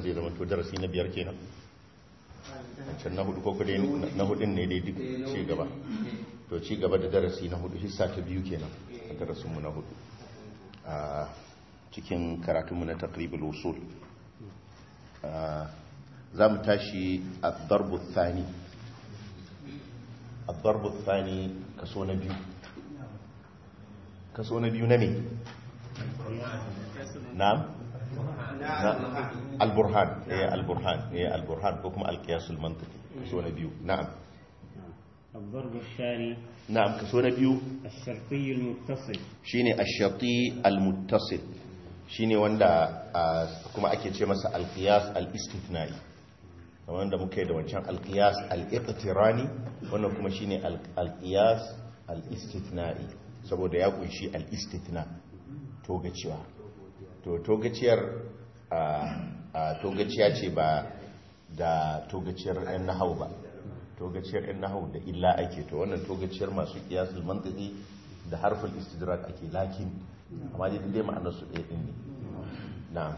wannan zai zama to darasi na biyar kenan a can na hudu ko kudai na hudun ne dai duk ci gaba to ci gaba da darasi na hudu hissa ta biyu kenan a darasinmu na hudu a cikin karatunmu na takribul usul za mu tashi a darbu thani a darbu thani kaso na biyu kaso na biyu na ne na'am na'am alburhan eh alburhan eh alburhan ko kuma alqiyasul mantiqi kaso na biyu na'am الضرب الثاني نعم كسونا بيو الشرطي المتصل شيني الشرطي المتصل شيني وندا كما ake ce masa alqiyas alistithnai wanda muke da wancan al aliqtirani wannan kuma shine al alistithnai saboda ya kunshi alistithna togaciwa to togaciyar togaciya ce ba da togaciyar yan nahau ba togaciyar yan nahau da illa ake to wannan togaciyar masu kiyasul mantiki da harfin istidrak ake lakin amma dai dai ma'anar su ɗaya ɗin ne na'am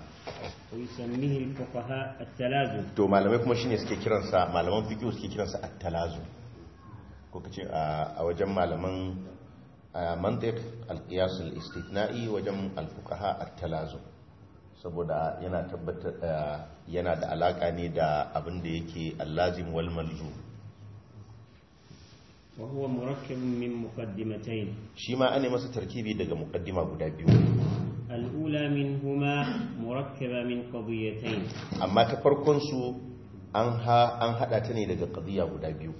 to malamai kuma shine suke kiransa malaman fiqh suke kiransa at talazu. ko kace a wajen malaman منطق wajen الاستثنائي وجمع a talazu. saboda yana tabbatar da eh, yana da alaka ne da abin da yake allazim wal malzum wa huwa murakkab min muqaddimatayn shi ma an masa tarkibi daga muqaddima guda biyu al-ula huma murakkaba min qadiyatayn amma ta farkon su an ha an hada ta ne daga qadiya guda biyu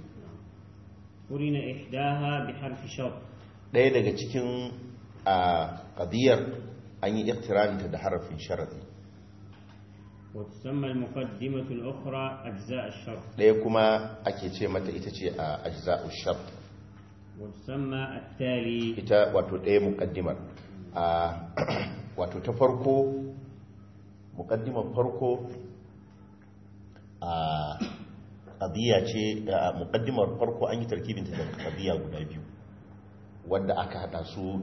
qurina ihdaha bi harfi shart ɗaya daga cikin a ah, an yi iktiranta da harafin sharadi وتسمى ce الأخرى أجزاء الشرط ليكما أكيتي متى إتتي أجزاء الشرط وتسمى التالي إتا وتدعي مقدمة وتتفرقو مقدمة فرقو ƙabiya ce muƙaddimar farko an yi tarkibinta da ƙabiya guda biyu Wadda aka haɗa su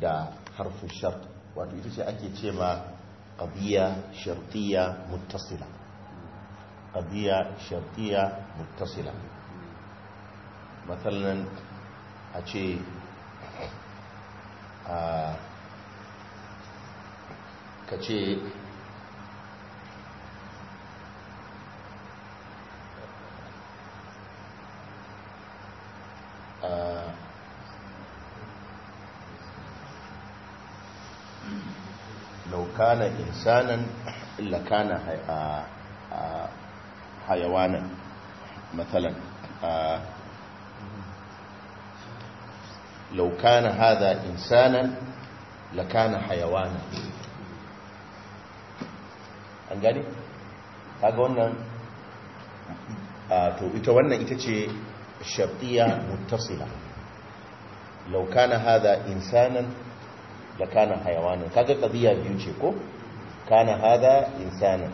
da harfin shart wato ita ce ake ce ma ƙabiya shartiya mutasila ƙabiya shartiya mutasila matsalan a ce a ka ce kana insanan lakana eh, hayawanan matsalan لو an gani? wannan to ita wannan ita ce shabdiya kana insanan da kana hayawanin kaga qadiya biyu ce ko kana hada insanin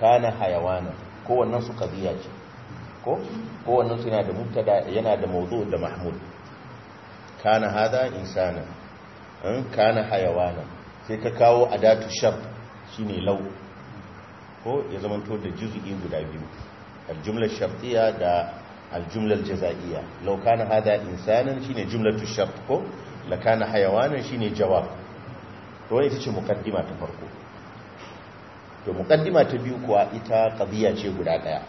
kana hayawanin ko wannan su qadiya ce ko ko wannan su yana da mubtada yana da mawdu' da mahmud kana hada insanin in hmm? kana hayawanin sai ka kawo adatu shar shine lau ko ya zamanto da juz'i guda biyu al-jumla da al-jumla lau kanin law kana hada ne shine jumlatu shart ko lakana hayawanan shine jawab to wani ita ce mukaddima ta farko to mukaddima ta biyu kuwa ita qadiya ce guda daya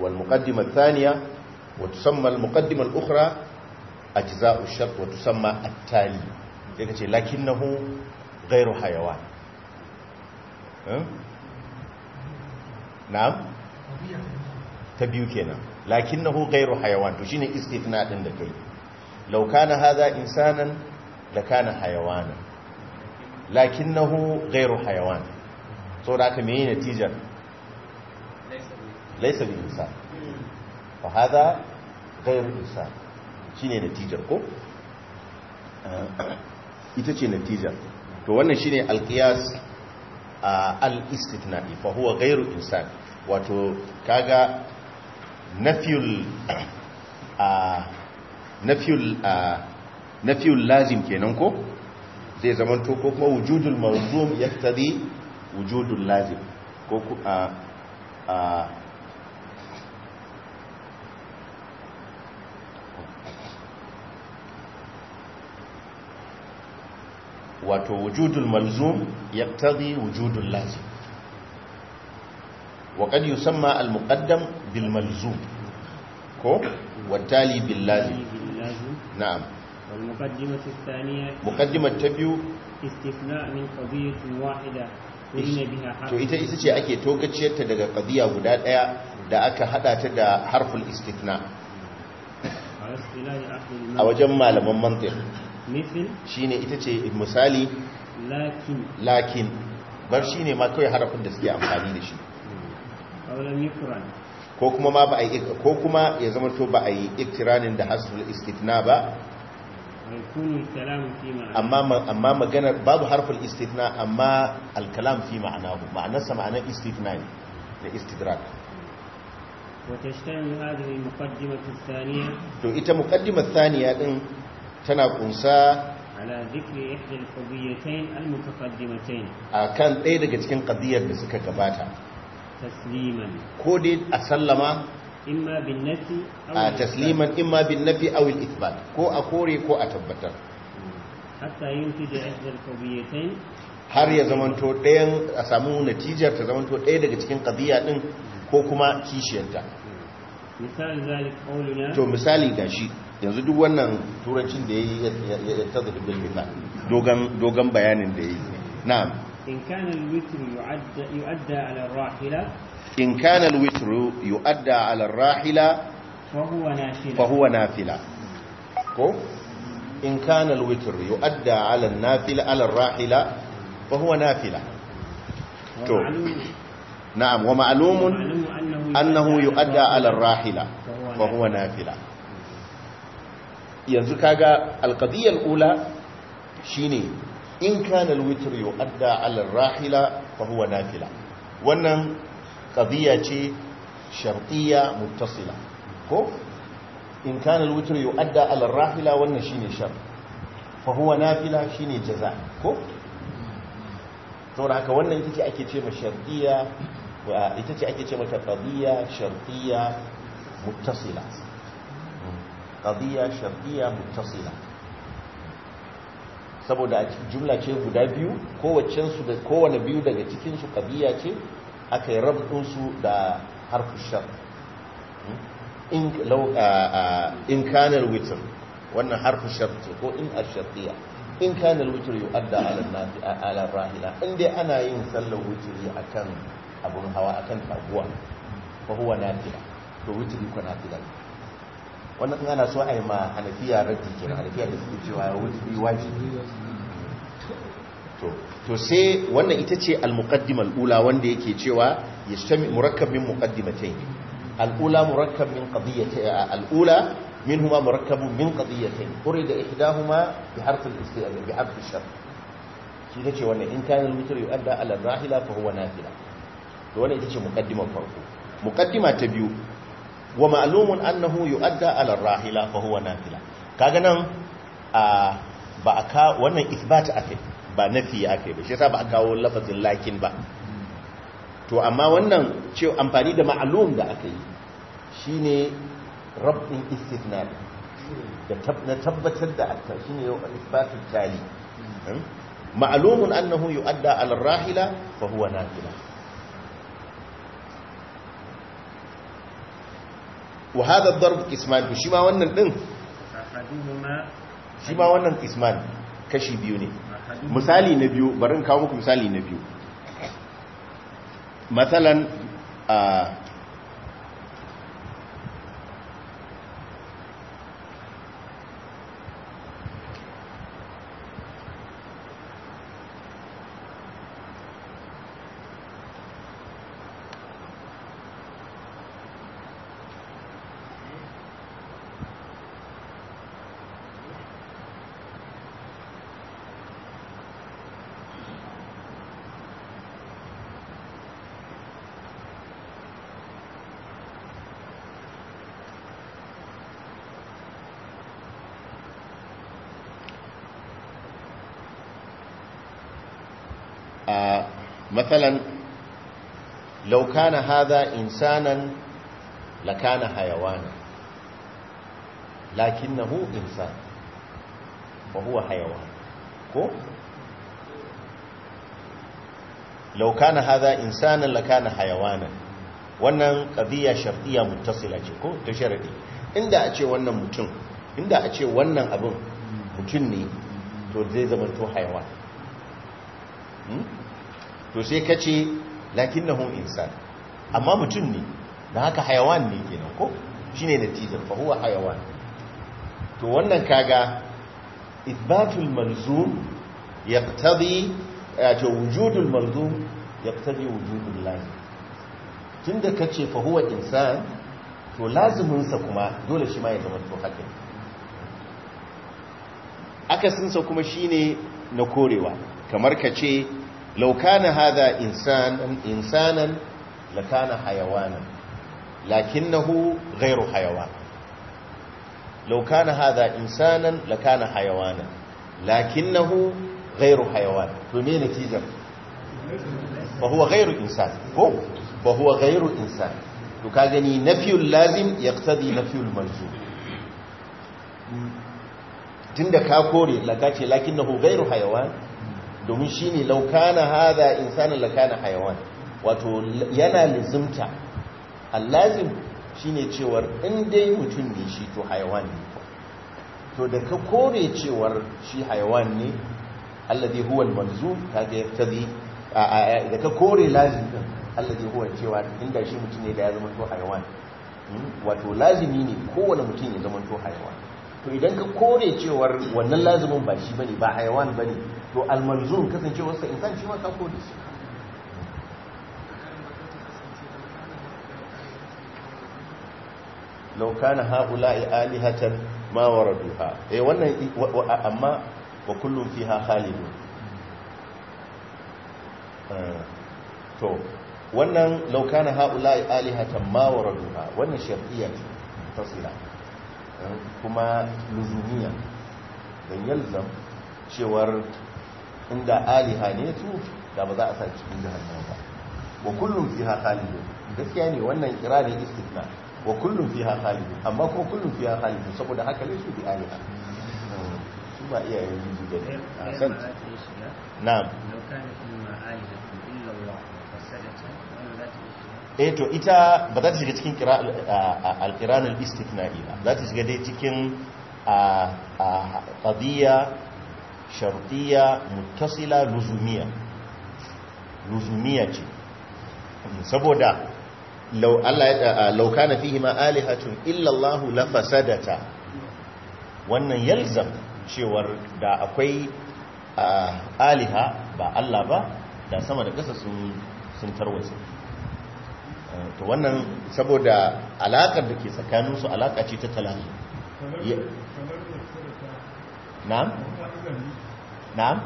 wal muqaddima thaniya wa tusamma al muqaddima al ukhra ajza'u shart wa tusamma at tali sai kace lakinnahu ghairu hayawan hmm? na'am ta biyu kenan lakinnahu ghairu hayawan to shine istithna din da kai laukana haza insanan da kana hayawana lakin na hu gairu hayawan so da aka mai natijar laisa bi insan fa haza gairu insan shi ne natijar ko? ita ce natijar to wannan alkiyas al huwa gairu wato a Na nafiyul lazim kenan ko zai zamanto ko kuma wujudul mawzum yaktadi wujudul lazim ko a a wato wujudul malzum yaktadi wujudul lazim وقد يسمى المقدم بالملزوم كو bil باللازم na'am والمقدمة الثانية مقدمة تبيو استثناء من قضية واحدة to ita ita ce ake tokaciyarta daga qadiya guda ɗaya da aka haɗa ta da harful istifna a wajen malaman mantiq shine ita ce misali lakin lakin bar shine ma kawai harafin da suke amfani da shi ko kuma ma ba a yi ko kuma ya zama to ba a yi ikiranin da hasul istitna ba amma amma magana babu harful istitna amma al-kalam fi ma'anahu ma'anar sa ma'anar istitna ne da istidrak to ita muqaddimat Saniya din tana kunsa ala dhikri ihdal qadiyatayn al-mutaqaddimatayn akan ɗaya daga cikin qadiyar da suka gabata tasliman ko dai a sallama imma bin nafi a tasliman imma bin nafi aw al ithbat ko a kore ko a tabbatar hatta yuntija ihdal qawiyatayn har ya zamanto ɗayan a samu natijar ta zamanto ɗaya daga cikin qadiya din ko kuma kishiyarta misali zalik qawluna to misali gashi yanzu duk wannan turancin da yayi ya tazaddul misal dogan dogan bayanin da yayi na'am in kana alwitru yu'adda ala arrahila fa fa huwa nafila yanzu kaga alqadiyya alula shine in kana alwitr yu'adda ala rahila fa huwa nafila wannan qadiya ce shartiyya muttasila ko in kana alwitr yu'adda ala rahila wannan shine shar fa huwa nafila shine jaza ko saboda haka wannan ita ce ake ce ma shartiyya ita ce ake ce mata qadiya shartiyya muttasila qadiya shartiyya muttasila saboda a jumla ce guda biyu kowacensu da kowane biyu daga cikinsu kabiya ce aka yi rabdinsu da harfu shar in kanar witr wannan harfu shar ce ko in ashartiya in kanar witr yi adda alar rahila inda ana yin sallar witri akan abun hawa akan taguwa fa huwa nafila to witri ko nafila ne wannan in ana so a yi ma hanafiya raddi kenan hanafiya da suke cewa wajibi wajibi to sai wannan ita ce al-muqaddima al-ula wanda yake cewa yastami murakkab min muqaddimatayn al-ula murakkab min qadiyatayn al-ula minhuma murakkab min qadiyatayn urida ihdahuma bi harf al-istifham bi harf al-shart shi ne ce wannan in kana al-mutr yu'adda ala rahila fa huwa nafila to wannan ita ce muqaddimar farko muqaddima ta biyu wa ma'alumun annahu yu'adda ala rahila fa huwa nafila kaga nan a ba aka wannan isbat ake ba nafi ake ba shi yasa ba a kawo lafazin lakin ba to amma wannan ce amfani da ma'alum da shi shine rabbin istithna da tabbatar da akai shine isbatut tali ma'alumun hmm? annahu yu'adda ala rahila fa huwa nafila wa hada darb qisman shi ma wannan din shi ma wannan qisman kashi biyu ne misali na biyu barin kawo muku misali na biyu masalan a ah, مثلا لو كان هذا إنسانا لكان حيوانا لكنه إنسان وهو حيوان كو لو كان هذا إنسانا لكان حيوانا wannan ƙadiyya shar'iyya muttasila ce ko ta sharadi inda a ce wannan mutum inda a ce wannan abin mutum ne to zai zama to haiwa hmm? to sai ka ce lakin hun insan amma mutum ne da haka hayawan ne kenan ko shine natijar fahuwa hayawan to wannan kaga ithbatul malzum yaqtadi eh, to wujudul malzum wujudun wujudul tun tunda ka ce fahuwa insan to lazuminsa kuma dole shi ma ya zama to haka akasin sa kuma ne na korewa kamar ka ce. laukana hada insanan lakana hayawanan lakinnahu gairu hayawan laukana hada insanan lakana hayawanan lakinnahu gairu hayawan to me natijar ba gairu insan ko ba gairu insan to ka gani nafiyul lazim yaqtadi nafiyul malzum tunda ka kore laka gairu domin shi ne laukana haza insanin laukana hayawan wato yana lizimta allazim shi ne cewar yi mutum ne shi to hayawan ne to da ka kore cewar shi hayawan ne allazi huwa ta kaga a da ka kore lazim din allazi huwa cewa inda shi mutum ne da ya zama to hayawan hmm? wato lazimi ne kowane mutum ya zama to hayawan to idan ka kore cewar wannan lazimin ba shi bane ba hayawan bane to almalzum wasu insan shi mata ko da shi laukana Ali alihatan ma waraduha E, wannan amma wa kullum fi fiha khalidun eh, to wannan laukana Ali alihatan mawara duha wannan shar'iyya ce tsira eh, kuma luzumiya don yalzam cewar inda aliha ne su da ba za a sa cikin jahannama ba wa kullum fiha khalid gaskiya ne wannan kirarin istithna wa kullum fiha khalid amma ko kullum fiha khalid saboda haka ne su bi aliha su ba yin jiji da ne a san na'am eh to ita ba za ta shiga cikin al-qiran al-istithna'i ba za ta shiga dai cikin a qadiyya shartiya mutasila luzumiya luzumiya ce saboda lauka na ya aliha tun fihi ma alihatun illallahu wannan yalzam cewar da akwai aliha ba Allah ba da sama da kasa sun tarwasa to wannan saboda alakar da ke tsakaninsu alaka ce ta talahi na'am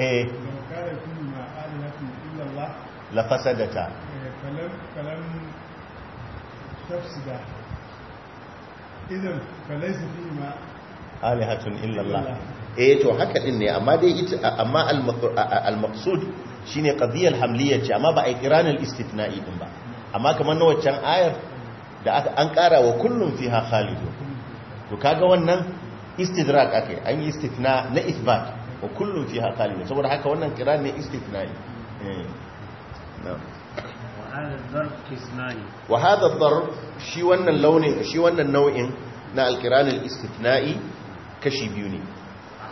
eh la fasadata kalam tafsida idan falaysa fi ma alihatun illa Allah eh to haka din ne amma dai ita amma al-maqsud shine qadiyal hamliyya ce amma ba a ikiran al-istithna'i din ba amma kamar na waccan ayar da aka, an kara wa kullum fiha khalidun to kaga wannan istidrak ake, an yi istithna na ithbat wa kullum fiha qalil saboda haka wannan kiran ne istithnai eh, wa hadha ad-darb shi wannan launin shi wannan nau'in na al-qiran al-istithna'i kashi biyu ne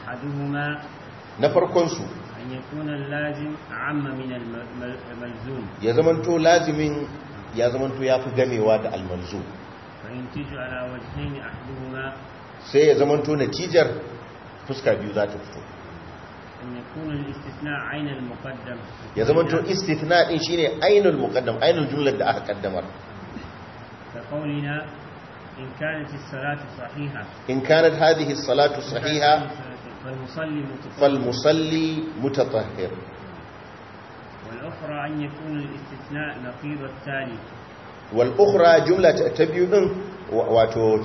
ahaduhuma na farkon su an yakuna lazim amma min al-malzum ya zamanto lazimin ya zamanto yafi gamewa da al sai ya zamanto natijar fuska biyu za ta fito ya zamanto istithna din shine ainul muqaddam ainul jumlar da aka kaddamar In كانت الصلاة salatu sahiha, كانت هذه الصلاة صحيحة فالمصلي Wal'ukura jumla ta biyu din wato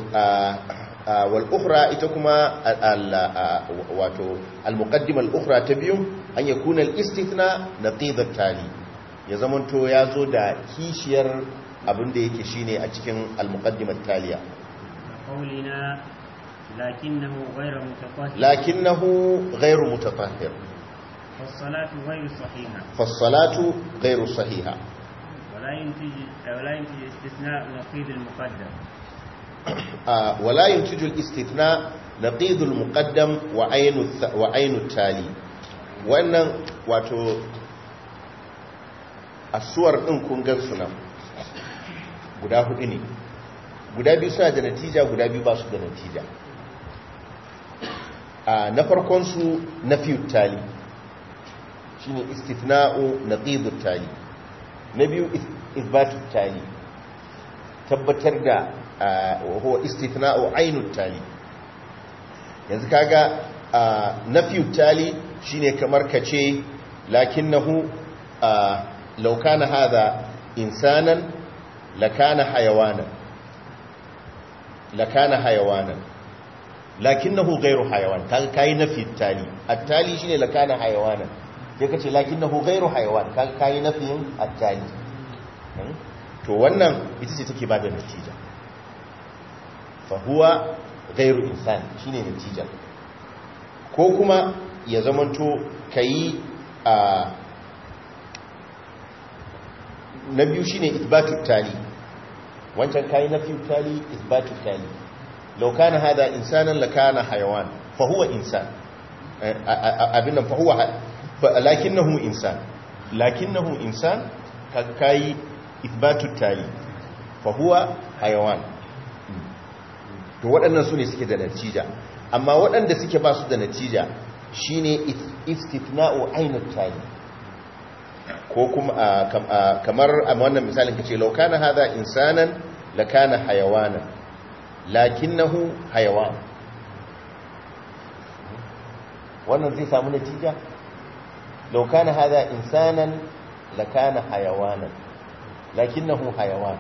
wal ukhra ita kuma al wato al muqaddima al ukhra ta biyu an yakuna al istithna naqid al tali ya zamanto ya zo da kishiyar abin da yake shine a cikin al muqaddima al taliya qawlina lakinnahu ghayru mutatahhir lakinnahu ghayru mutatahhir فالصلاة غير صحيحة فالصلاة غير صحيحة ولا ينتج ولا ينتج الاستثناء نقيض المقدم وعين وعين التالي wannan wato asuwar ɗin kun gansu nan guda hudu ne guda biyu suna da natija guda biyu ba su da natija na farkon su na fiye tali shi ne istitna'u na tali na biyu ibatu tali tabbatar da huwa istithna'u ainu tali yanzu kaga nafyu tali shine kamar kace lakinnahu law kana hadha insanan lakana hayawanan lakana hayawanan lakinnahu ghayru hayawan kaga kai nafyu tali at shine lakana hayawanan sai kace lakinnahu ghayru hayawan kaga kai nafyin at Hmm? to wannan ita ce take ba da natija fahuwa gairu insan shi ne natija ko kuma ya zamanto ka yi a na biyu shi ne tali wancan yi na biyu tali isbatun tali laukana hada insanan lakana hayawan fahuwa insan eh, abin nan fahuwa lakin na insan lakin na insan ka yi. isbatu tayi fa huwa hayawan to waɗannan su ne suke da natija amma waɗanda suke ba su da natija shine istithna'u ainut tayi ko kuma kamar a wannan misalin kace law kana hadha insanan lakana hayawanan lakinnahu hayawan wannan zai samu natija law kana hadha insanan lakana hayawanan Lakin lakinnahu hayawan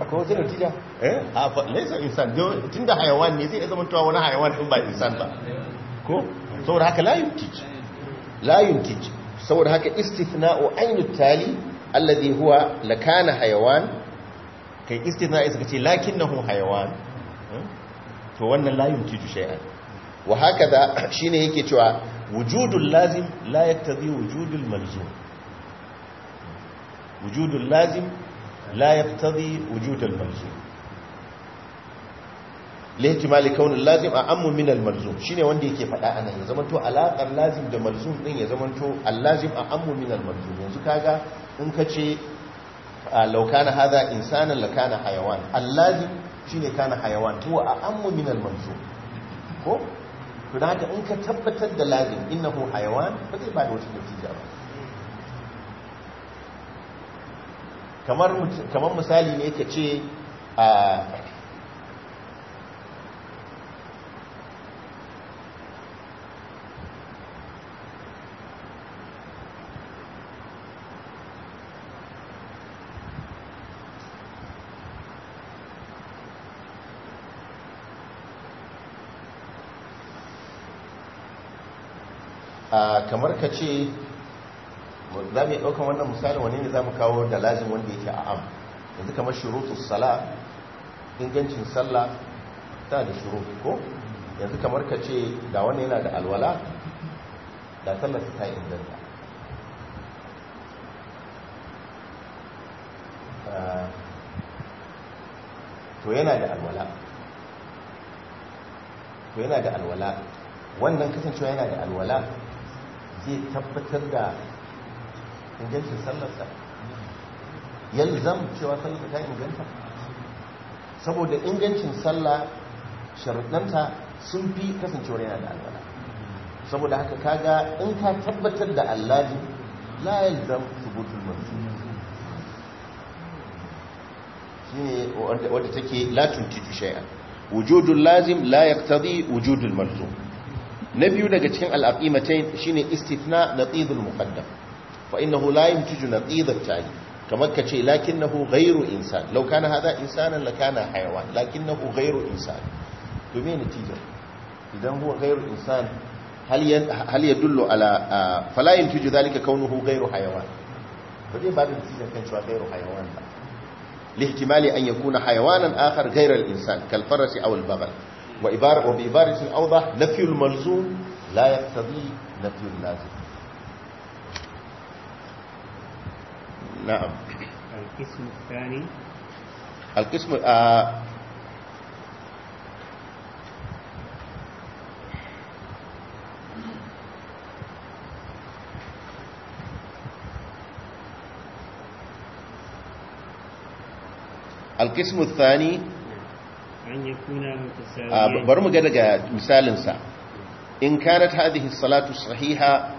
akwai wata natija eh a laisa insan tun da hayawan ne zai zama wani hayawan in ba insan ba ko saboda haka la yuntij la yuntij saboda haka istifna o ainu tali alladhi huwa lakana hayawan kai istithna'i suka ce lakin lakinnahu hayawan hmm? to wannan la yuntiju shay'an wa haka da shi shine yake cewa wujudul lazim la yaktazi wujudul malzum wujudul lazim la yaftadi wujudul malzum kaunin lazim a ammu min al-malzum shine wanda yake faɗa anan ya zamanto alaƙar lazim da malzum din ya zamanto al-lazim a ammu min yanzu kaga in ka ce laukana hadha insanan lakana hayawan al-lazim shine kana hayawan to a ammu min ko to da haka in ka tabbatar da lazim hayawan ba zai da wata ba kamar misali ne ka ce a kamar ka ce za mu yi ɗaukan wannan misalin wani ne za mu kawo da lazim wanda yake a am yanzu kamar shirutu sala ingancin sallah ta da shirutu ko yanzu kamar ka ce da wani yana da alwala da sallar ta yi inganta ah, to yana da alwala to yana da alwala wannan kasancewa yana da alwala zai tabbatar da ingancin sallarsa yalzam cewa sallarsa ta inganta saboda ingancin sallah sharuɗanta sun fi kasancewar yana da alwala saboda haka kaga in ka tabbatar da allaji la yalzam subutul mansu shine wadda take la tuntiju shay'an wujudul lazim la yaqtadi wujudul malzum na biyu daga cikin al'aqimatain shine istithna natidul muqaddam fa innahu la yumtiju naqid at-tali kamar kace lakinnahu ghayru na law kana hadha insanan lakana hayawan lakinnahu ghayru insan to idan huwa ghayru insan hal hal yadullu ala fala yumtiju dhalika kaunuhu ghayru hayawan ba zai ba da natija kan hayawan ba أن يكون حيوانا آخر غير الإنسان كالفرس أو البغل وبعبارة أوضح نفي الملزوم لا يقتضي نفي اللازم نعم القسم الثاني القسم آه القسم الثاني نعم. أن يكون متساويا آه، برمجة قدق مثال سا إن كانت هذه الصلاة الصحيحة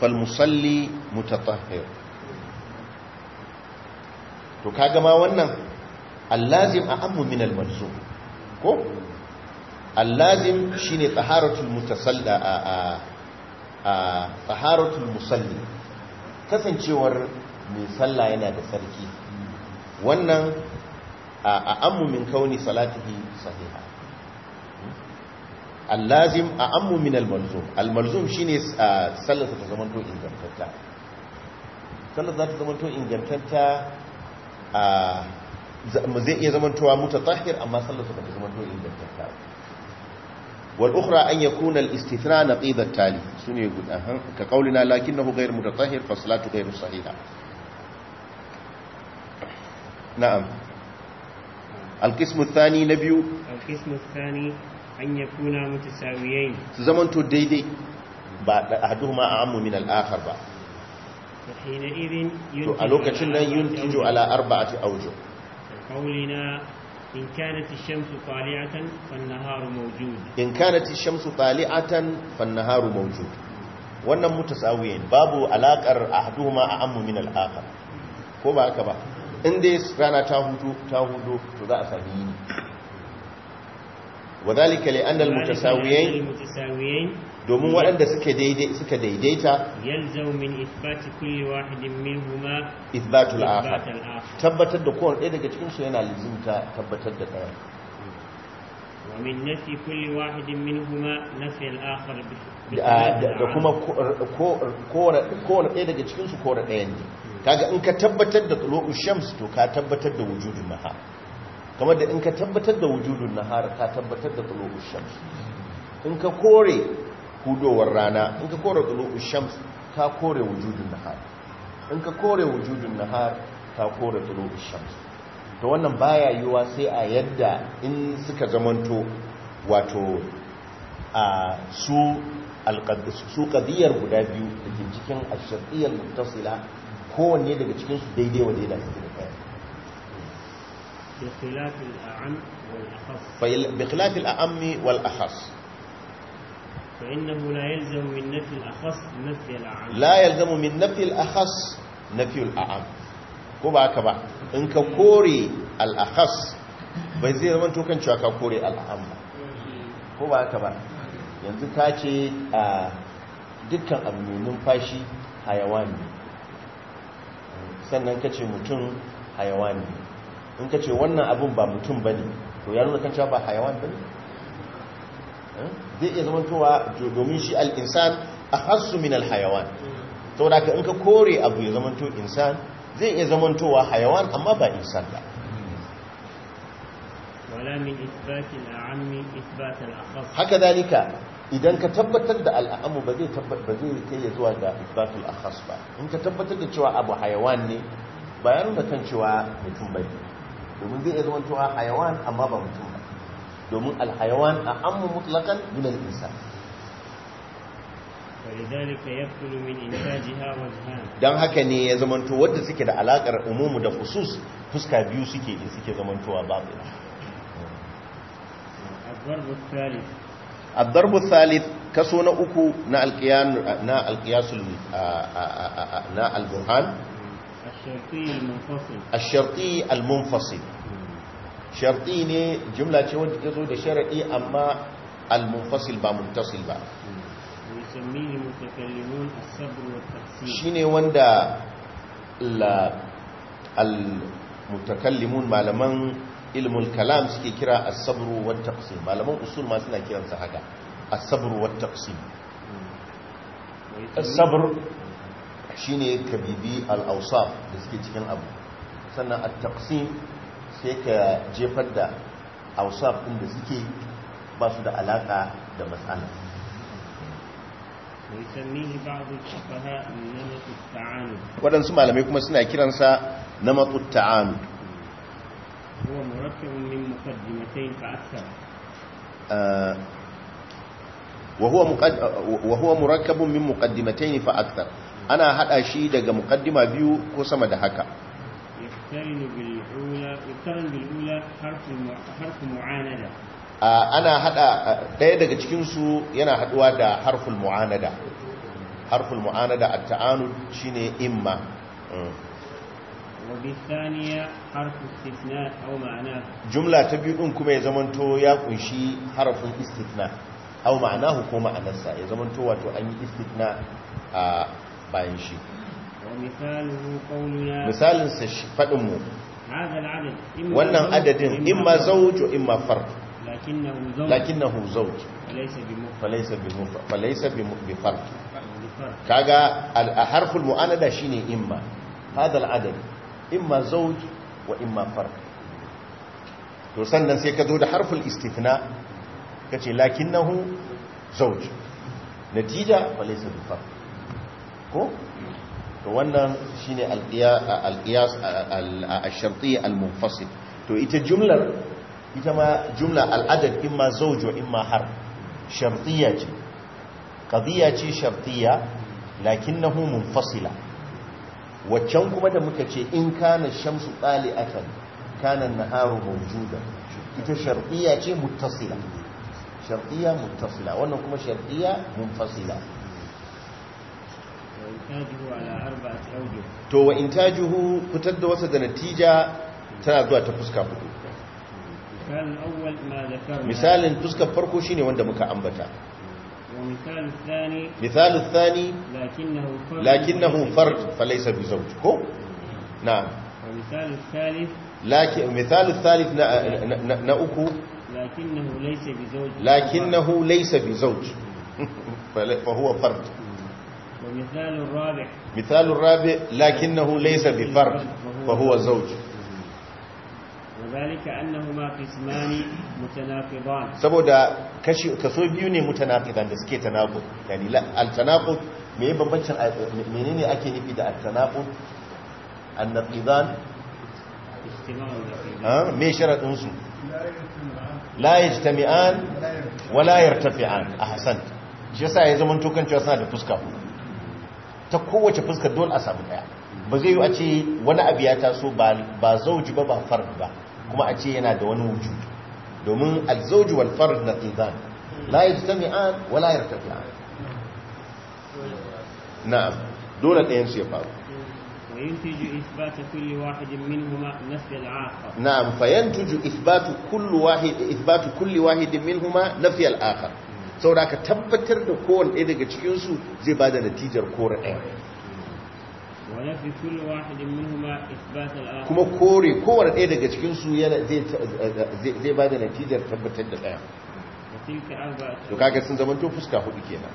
فالمصلي متطهر to kaga ma wannan allazim a ammu min almalzum ko allazim shine taharatul mutasalla a a taharatul musalli kasancewar mai sallah yana da sarki wannan a amu min kauni salatihi sahiha allazim a amu min almalzum almalzum shine sallar ta zamanto ingantatta sallar za ta zamanto ingantatta zai iya zamantowa tahir amma sallar ba ta zamanto ingantacciya wal ukhra an yakuna al istithna naqid al tali sune guda ka qaulina lakinnahu ghayr mutatahhir fa salatu ghayr sahiha na'am al qism al thani nabiyu al qism al thani an yakuna mutasawiyain su zamanto daidai ba ahaduhuma a'ammu min al akhar ba to a lokacin nan yuntijo ala arba'ati awjuh qawlina in shamsu in kanat shamsu Fali'atan Fannaharu naharu wannan wannan mutasawiyin babu alakar ahduhuma a'ammu min al-akhar ko ba haka ba in dai rana ta hudu ta hudu to za a sami yini وذلك لأن المتساويين domin waɗanda suke daidai suka daidaita yalzamu min ithbati kulli wahidin minhuma ithbatul akhar tabbatar da kowanne ɗaya daga cikinsu yana lizinta tabbatar da ɗaya wa min nafi kulli wahidin minhuma nafi al-akhar da kuma kowanne ɗaya daga cikinsu su kowanne ɗaya ne kaga in ka tabbatar da tulu'u shams to ka tabbatar da wujudun nahar kamar da in ka tabbatar da wujudun nahar ka tabbatar da tulu'u shams in ka kore hudowar rana in ka kore tulu'u shams ka kore wujudun nahar in ka kore wujudun nahar ka kore tulu'u shams to wannan baya yiwa sai a yadda in suka zamanto wato a su su qadiyar guda biyu da cikin ash-shartiyyah muttasila kowanne daga cikin su daidai wa daidai suke da kai بخلاف الأعم والأخص فإنه لا يلزم من نفي الأخص نفي الأعم لا يلزم من نفي الأخص نفي الأعم ko ba haka ba in ka kore al'akas bai zai zama tokan cewa ka kore al'am ba ko ba haka ba yanzu ta ce a dukkan abu numfashi hayawan ne sannan ka ce mutum hayawan ne in ka ce wannan abun ba mutum ba ne to ya nuna kan cewa ba hayawan ba ne Hmm? zai iya zamantowa domin shi al'insan a hassu min alhayawan sau da in ka kore abu ya to insan zai iya zamantowa hayawan amma ba insan ba haka dalika idan ka tabbatar da al'amu ba zai kai ya zuwa ga isbatul akhas ba in ka tabbatar da cewa abu hayawan ne bayan da kan cewa mutum bai domin zai iya zamantowa hayawan amma ba mutum ba domin alhayawan a amma mutlakan minal insa don haka ne ya zamanto wadda suke da alakar umumu da fusus fuska biyu suke ne suke zamantowa babu الضرب الثالث kaso na uku na alkiyasul na alburhan al-sharti al-munfasil sharti ne jumla ce wadda ta zo da sharadi amma al-munfasil ba muntasil ba shi ne wanda al-mutakallimun malaman ilmul kalam suke kira as-sabru wat taqsim malaman usul ma suna sa haka as-sabru wat taqsim as-sabr shine kabibi al-awsaf da suke cikin abu sannan at-taqsim sai ka jefar da ausaf din da suke ba su da alaƙa da matsala waɗansu malamai kuma suna kiransa na matsuttaan wa huwa murakkabun min muqaddimatayn fa akthar ana hada shi daga muqaddima biyu ko sama da haka Ana hada ɗaya daga su yana haduwa da harfu mu'anada, harfu mu'anada atta'anun shi ne imma. Wabiyyari saniya harfu ishidna a ma'anar. Jumla ta biyu ɗin kuma ya zamanto ya ƙunshi harafin ishidna, a ma'anar ko ma'anarsa ya zamanto wato an yi ishidna a bayan shi. Misalin misalinsa faɗinmu wannan adadin in imma zaujo imma far lakinnahu zauj falaisa bi far kaga harful mu'anada shine imma adadi, in ma zauj wa in ma far to sannan sai ka zo da harful istithna kace lakinnahu zauj natija falaisa bi far ko to wannan shine al-qiyas al-sharti al-munfasil to ita jumlar ita ma jumla al-adad imma zawj wa imma har shartiyya ce qadiyya ce shartiyya lakinnahu munfasila waccan kuma da muka ce in kana shamsu tali'atan kana an-naharu mawjuda ita shartiyya ce muttasila shartiyya muttasila wannan kuma shartiyya munfasila to wa in fitar da wasa da natija tana zuwa ta fuska hudu misalin fuskar farko shine wanda muka ambata misalin lakin lakinnahu fard falaisa bi ko na uku bi fa huwa ومثال الرابع مثال الرابع لكنه ليس بفرق فهو زوج وذلك أنهما قسمان متناقضان سبودا كشي كسوبيوني متناقضان بس كي تناقض يعني لا التناقض مين بمبنشن منين أكي نبي دا التناقض النقضان اجتماع ها شرط انسو لا يجتمعان ولا يرتفعان احسنت جسا يزمن توكن تشوسنا دا فسكا فوق ta kowace fuskar dole a samu daya ba zai yi a ce wani abu ya taso ba zauji ba ba fard ba kuma a ce yana da wani wujud domin al-zawju wal fard naqidan la yajtami'an wa la yartafi'an na'am dole ɗayan su ya faru وينتج إثبات كل واحد منهما نفي الآخر نعم فينتج إثبات كل واحد إثبات كل واحد منهما نفي الآخر saboda ka tabbatar da kowane ɗaya daga cikinsu zai ba da natijar kore ɗaya kuma kore kowane ɗaya daga cikinsu zai ba da natijar tabbatar da ɗaya to kaga sun zama to fuska hudu kenan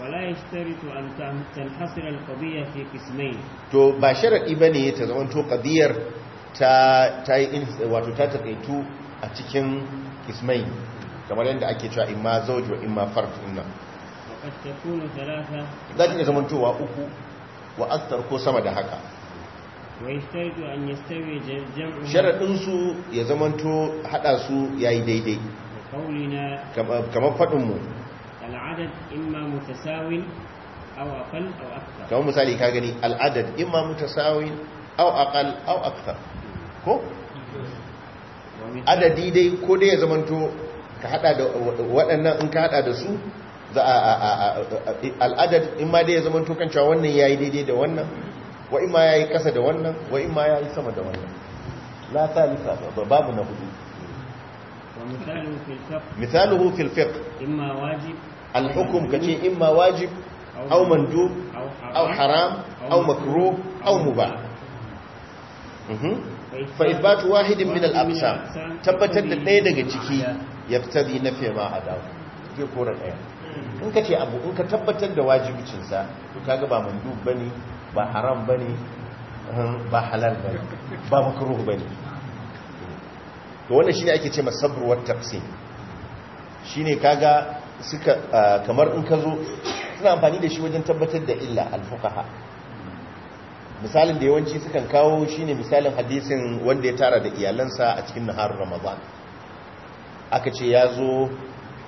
wala yashtaritu an tanhasira fi qismayn to ba sharadi bane ta zama to qadiyar ta ta yi wato ta takaitu a cikin qismayn kamar yadda ake cewa imma zauji wa imma farf din nan za ta iya zamantowa uku wa aktar ko sama da haka sharaɗinsu ya zamanto haɗa su ya yi daidai kamar faɗinmu kamar misali ka gani al'adad imma mutasawin au aqal au aktar ko adadi dai ko dai ya zamanto ka hada da waɗannan in ka hada da su za a al'adar in ma dai ya zama tukan cewa wannan ya yi daidai da wannan wa in ma ya yi ƙasa da wannan wa in ma ya yi sama da wannan la ba babu na hudu misali fil fiqh imma wajib al ce in imma wajib au mandu au haram au makruh au mubah mhm. fa ibatu wahidin min al-aqsam tabbatar da ɗaya daga ciki yaftadi nafi ma adam a kora ɗaya in ka ce abu in ka tabbatar da wajibicinsa sa to kaga ba mandub bane ba haram bane hmm, ba halal bane ba ba bane to wannan shine ake ce masabr wa tafsi shine kaga suka ah, kamar in ka zo suna amfani da shi wajen tabbatar da illa al-fuqaha misalin da yawanci sukan kawo shine misalin hadisin wanda ya tara da iyalansa a cikin nahar ramadan aka ce ya zo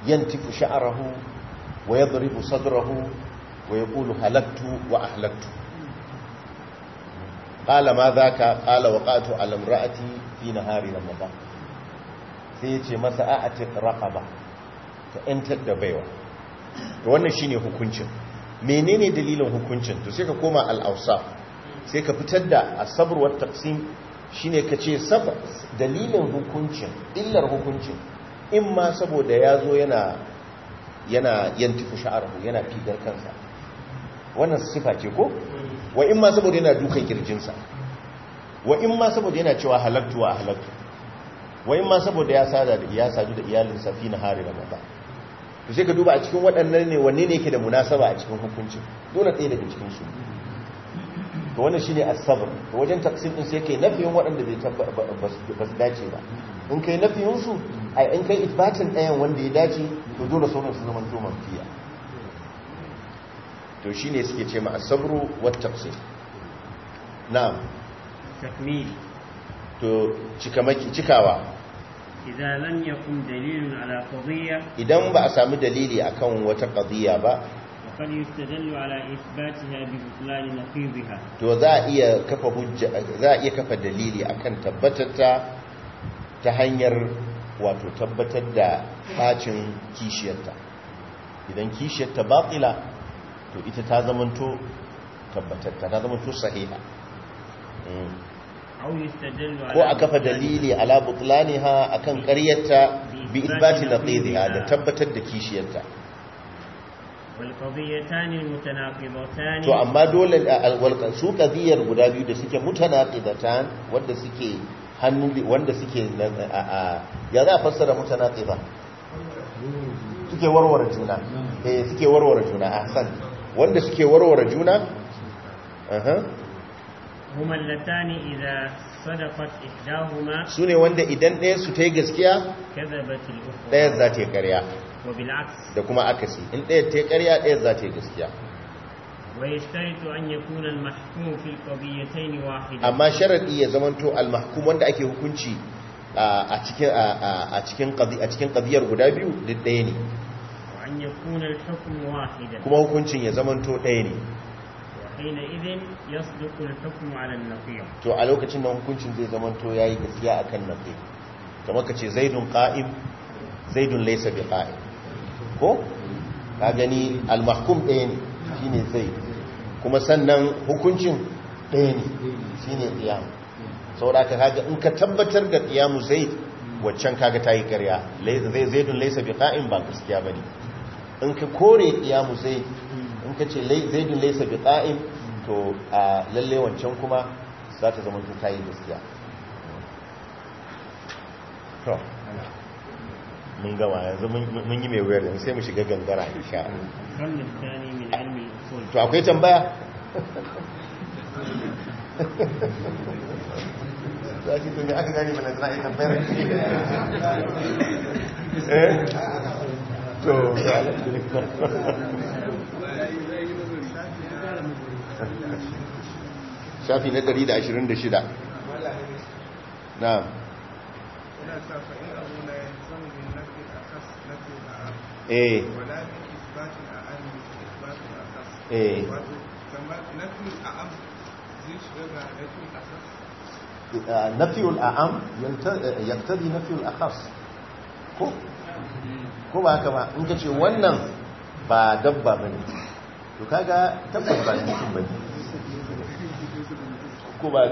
yantifu sha'arahu wa yadribu sadrahu wa kulu halattu wa ahlaktu ƙala ma za ka qala waqatu ala alamra'ati fi nahari ramadan sai ya ce masa a'ati raqaba ta entar da baiwa to wannan shine hukuncin menene dalilin hukuncin to sai ka koma al'ausa? sai ka fitar da asabar taksim shi ne ka ce dalilin hukuncin illar hukuncin in ma saboda ya zo yana yana yantifu sha'arahu yana figar kansa wannan sifa ce ko wa in ma saboda yana dukan kirjinsa wa in ma saboda yana cewa halattu wa halattu wa in ma saboda ya sada da ya sadu da iyalin safi na hari mata to sai ka duba a cikin waɗannan ne wanne ne yake da munasaba a cikin hukuncin dole ɗaya daga cikin su to wannan shine as-sabr to wajen tafsir din sai kai nafiyin waɗanda bai ba su dace ba in kai nafiyin su ai in kai itbatin ɗayan wanda ya dace to dole sauran su zaman to manfiya to shine suke ce ma as-sabru wat tafsir na'am takmil to cikamaki cikawa idan lam yakun dalilun ala qadiyya idan ba a sami dalili akan wata qadiyya ba to za a iya kafa hujja za dalili akan tabbatarta ta hanyar wato tabbatar da facin kishiyarta idan kishiyarta batila to ita ta zamanto tabbatarta ta zamanto mm. ko a kafa dalili ala butlaniha akan ƙaryarta bi isbati naqidiha da tabbatar da kishiyarta to amma dole alwalkan su ƙadiyar guda biyu da suke mutanaqidatan wanda suke hannu wanda suke ya za a fassara mutanaqiba suke warware juna eh suke warware juna ahsan wanda suke warware juna aha huma allatani idza sadaqat ihdahuma sune wanda idan ɗaya su ta yi gaskiya ɗaya za ta yi da kuma akasi in ɗaya ta ƙarya ɗaya za ta yi gaskiya amma sharaɗi ya zamanto almahkum wanda ake hukunci a cikin ƙabiyar guda biyu duk ɗaya ne kuma hukuncin ya zamanto ɗaya ne to a lokacin da hukuncin zai zamanto ya yi gaskiya akan nafi kamar ka ce zaidun ƙa'im zaidun laisa bi ƙa'im ko ka gani almahkum ɗaya ne shine zai kuma sannan hukuncin ɗaya ne shine qiyam saboda aka kaga in ka tabbatar da ɗiyamu zaid waccan kaga tayi ƙarya zai zaidun laysa biqa'in ba gaskiya bane in ka kore ɗiyamu zaid in ka ce zaidun laysa biqa'in to a lalle wancan kuma za ta zama ta tayi gaskiya mun gama yanzu mun yi mai wuyar yanzu sai mu shiga gangara insha to akwai tambaya zaki to ne aka gani mana zana ita bayar eh? to shafi na 126 na'am eh eh نفي الأعم يقتضي نفي الأخص ko ko ba haka ba in ce wannan ba dabba ba ne to kaga tabbas ba ne ko ba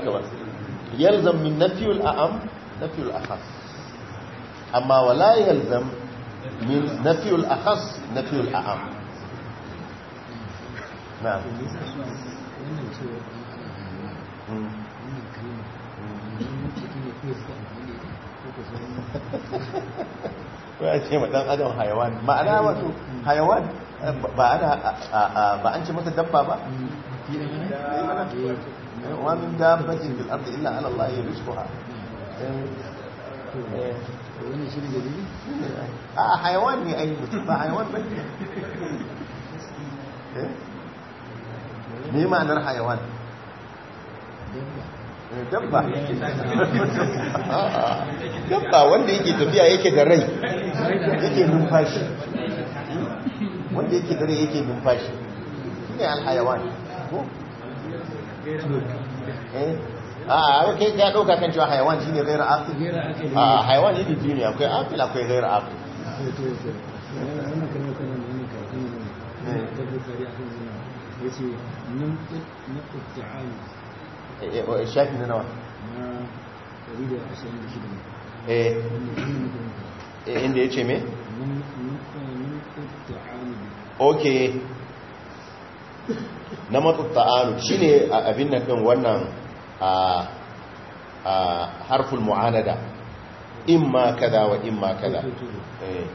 haka ba أما ولا يلزم من نفي الأخص نفي الأعام نعم نعم نعم نعم نعم نعم نعم نعم نعم نعم نعم نعم نعم دبابة ومن دابة في الأرض إلا على الله يرزقها wani shi ne dalili a hayawan ne ai ba hayawan ba ne eh? ma'anar hayawan eh, dabba dabba wanda yake tafiya yake da rai yake numfashi wanda yake da rai yake numfashi shi ne alhayawan ko? Eh? Ah, a kai ka ɗauka kan cewa haiwan shi ne gairar akil a ah, haiwan iri biyu ne akwai akil akwai gairar akil eh, na nawa eh, inda ya ce me? ok na matsutta'anu shi ne abin nan ɗin wannan a harful mu'anada ma kada wa imma kaza eh.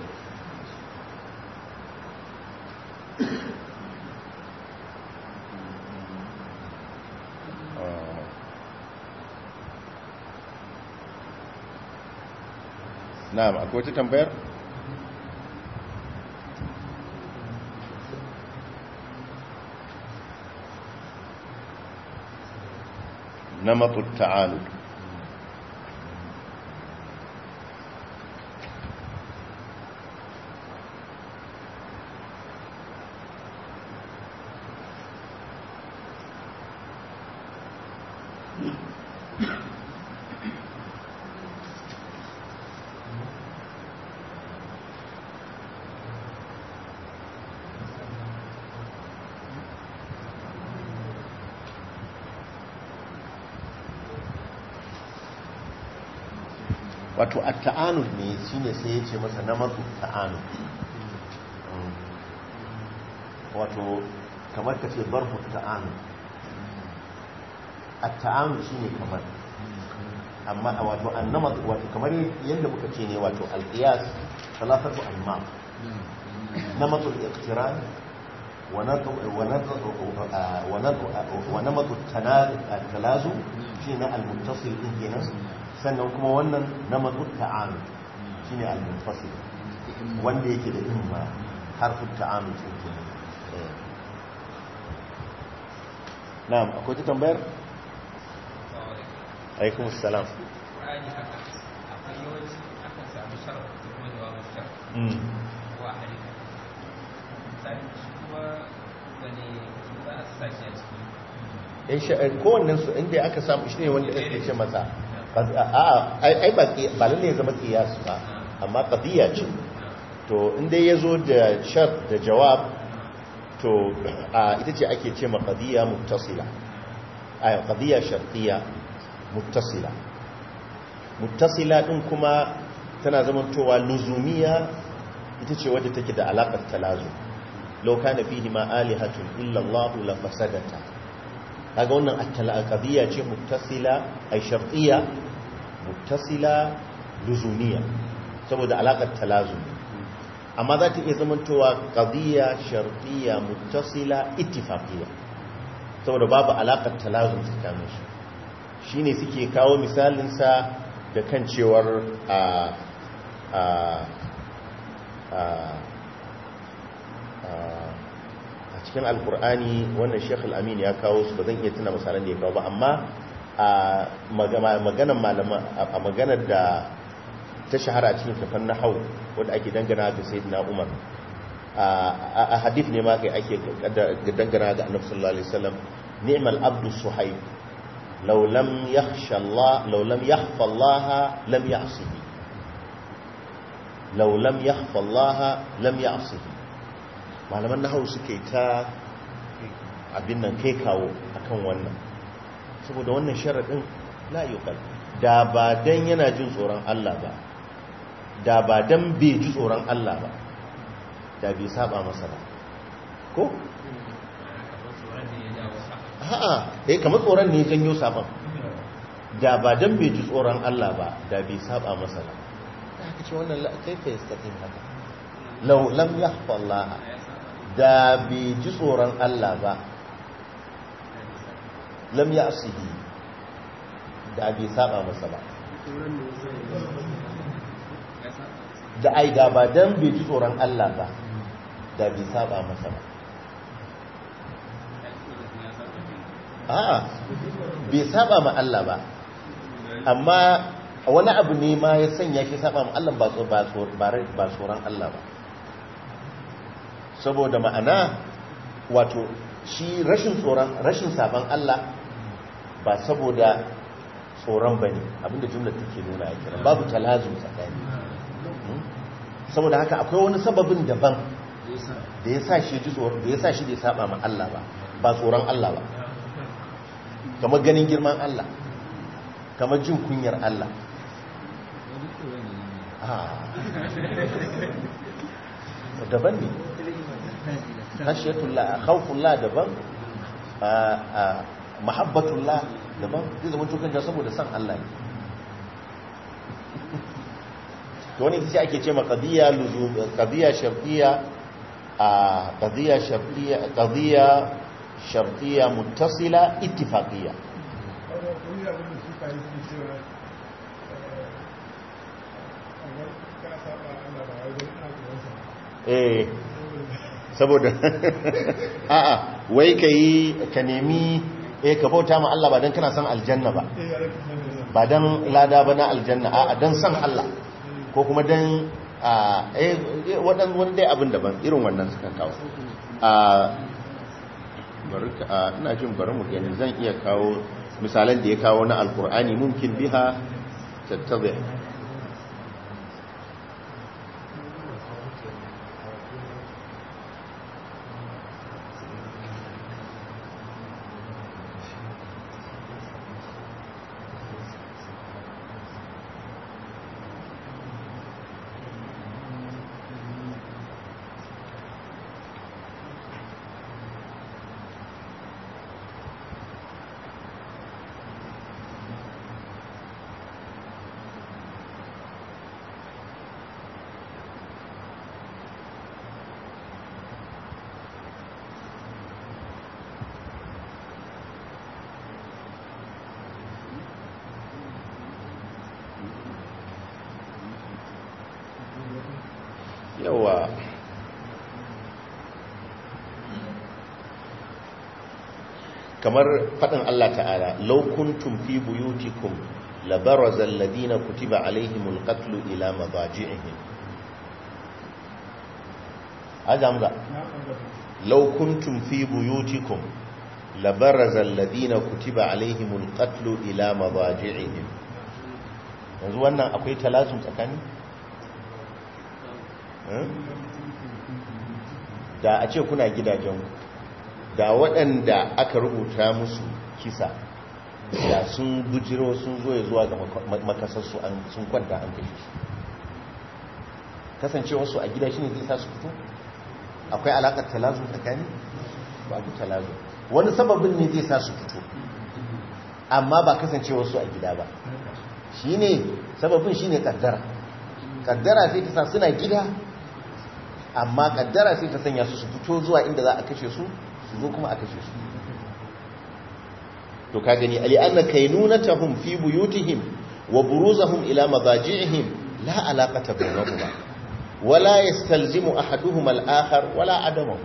na'am akwai wata tambayar نمط التعالج wato a taanuf ne shine sai ya ce masa na matsu ta'anuf wato kamar ka ce barfu ta'anuf a ta'anuf shine kamar amma a wato annama wato kamar yadda muka ce ne wato alqiyas salatatu anma namatu al-iqtiran wa nadu wa nadu wa nadu wa namatu shi na al-muttasil din kenan sannan kuma wannan na mazut ta'amul shine al-munfasil wanda yake da imma harfin ta'amul din kenan eh. na'am akwai ta tambayar alaikum assalam hmm. eh, wannan su inda aka samu shi ne wanda ake ce mata ai ba lalle ya zama kiyas ba amma qadiya ce to inda ya zo da shar da jawab to ita ce ake ce ma qadiya muttasila ay qadiya shartiyya muttasila muttasila din kuma tana zamantowa luzumiya ita ce wadda take da alaƙar talazu lau kana fihi ma alihatun illallahu lafasadata kaga wannan at-talaqadiyya ce muttasila ay shartiyya muttasila luzumiyya saboda alaqar talazum amma za ta iya zamantowa qadiyya shartiyya muttasila ittifaqiyya saboda babu alaqar talazum tsakanin shi shine suke kawo misalin sa da kan cewar a a a a cikin alkur'ani wannan shekh al'amin ya kawo su ba zan iya tuna misalan da ya kawo ba amma a maganar da ta shahara cikin tafan na hau wadda ake dangana ga sai na umar a hadif ne ma kai ake dangana ga annabi sallallahu alaihi wasallam ni'mal abdu suhaib law lam yakhsha Allah law lam yakhfa Allah lam ya'sihi law lam yakhfa Allah lam ya'sihi malaman nahawu suke ta abin nan kai kawo akan wannan saboda wannan sharaɗin la yuqal da ba dan yana jin tsoron Allah ba da ba dan bai ji tsoron Allah ba da bai saba masa ba ko ha'a eh kamar tsoron ne janyo saban da ba dan bai ji tsoron Allah ba da bai saba masa ba haka ce wannan la kai kai istatin haka law lam yahfa Allah da bai ji tsoron Allah ba lam ya asihi da bai saba masa ba da ai da ba dan bai ji tsoron Allah ba da bai saba masa ba A! bai saba ma Allah ba amma wani abu ne ma ya sanya shi saba ma Allah ba tsoron Allah ba saboda ma'ana wato shi rashin tsoron rashin saban Allah ba saboda tsoron ba ne abinda jumlar take nuna a kira babu talazu tsakani hmm? saboda haka akwai wani sababin daban da ya sa shi ji tsoron da ya sa shi da ya saba ma Allah ba ba tsoron Allah ba kamar ganin girman Allah kamar jin kunyar Allah ah. daban ne khashiyatullah khawfullah daban mahabbatullah daban zai zama cikin da saboda san Allah ne to wani sai ake ce ma qadiya luzum qadiya shartiyya a qadiya shartiyya qadiya shartiyya muttasila ittifaqiyya eh saboda a'a wai ka yi ka nemi eh ka bauta ma Allah ba don kana son aljanna ba eh, ba don lada ba na aljanna a'a don son Allah hmm. ko kuma don eh, eh, waɗanda wani dai abin daban irin wannan suka kawo ina jin bari mu gani zan iya kawo misalan da ya kawo na alkur'ani mumkin biha tattabi kamar faɗin Allah ta'ala law kuntum fi buyutikum labaraza alladhina kutiba alaihimul qatl ila madaji'ihim azamza law kuntum fi buyutikum labaraza alladhina kutiba alaihimul qatl ila madaji'ihim yanzu wannan akwai talazum tsakani hmm? da a ce kuna gidajenku Ga waɗanda aka rubuta musu kisa da sun bujiro sun zo ya zuwa ga makasarsu sun kwanta an kashe su a gida shi ne zai sa su fito akwai alaƙar talazu tsakani ku talazu wani sababin ne zai sa su fito amma ba su a gida ba shi ne sababin shi ne kaddara kaddara sai ta sa suna gida amma kaddara sai ta sanya su su fito zuwa inda za a kashe su su zo kuma a kashe su to ka gani ali anna kainunatahum fi buyutihim wa buruzahum ila mazajihim la alaqata bainahuma wala yastalzimu ahaduhum al-akhar wala adamuhu